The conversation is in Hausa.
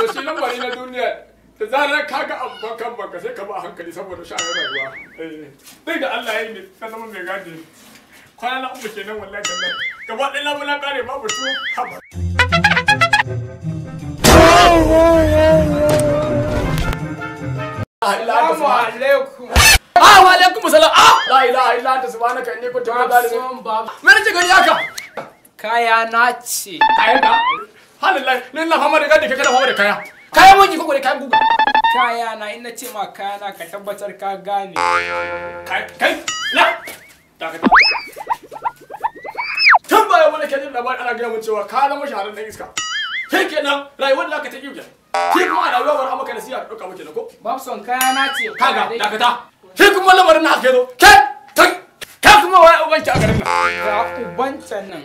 wato shi nan bari na duniya da zarar ka ga abu kan baka sai ka ba hankali saboda sha'anin rayuwa eh. dai da Allah ya yi ne ta zama mai gadi kwana na uku kenan wallahi da nan gaba ɗaya labu na ƙare babu su haba ah, ah, Kaya na ce. Kaya na. halillah ni na fama da gadi kai kana fama da kaya kayan wanki ko da kayan guga kaya na in na ce ma kaya na ka tabbatar ka gane kai kai na ta ka tun baya wani ke jin labarin ana gaya mun cewa ka zama shahararren dan iska kai kenan rayuwar da ka ta kiyu kenan kai kuma a rayuwar wani amaka siya ka dauka muke na ko babson kaya na ce kaga dakata kai kuma lamarin na aka yi zo kai kai kuma wai ubanci a garin nan ga ubancan nan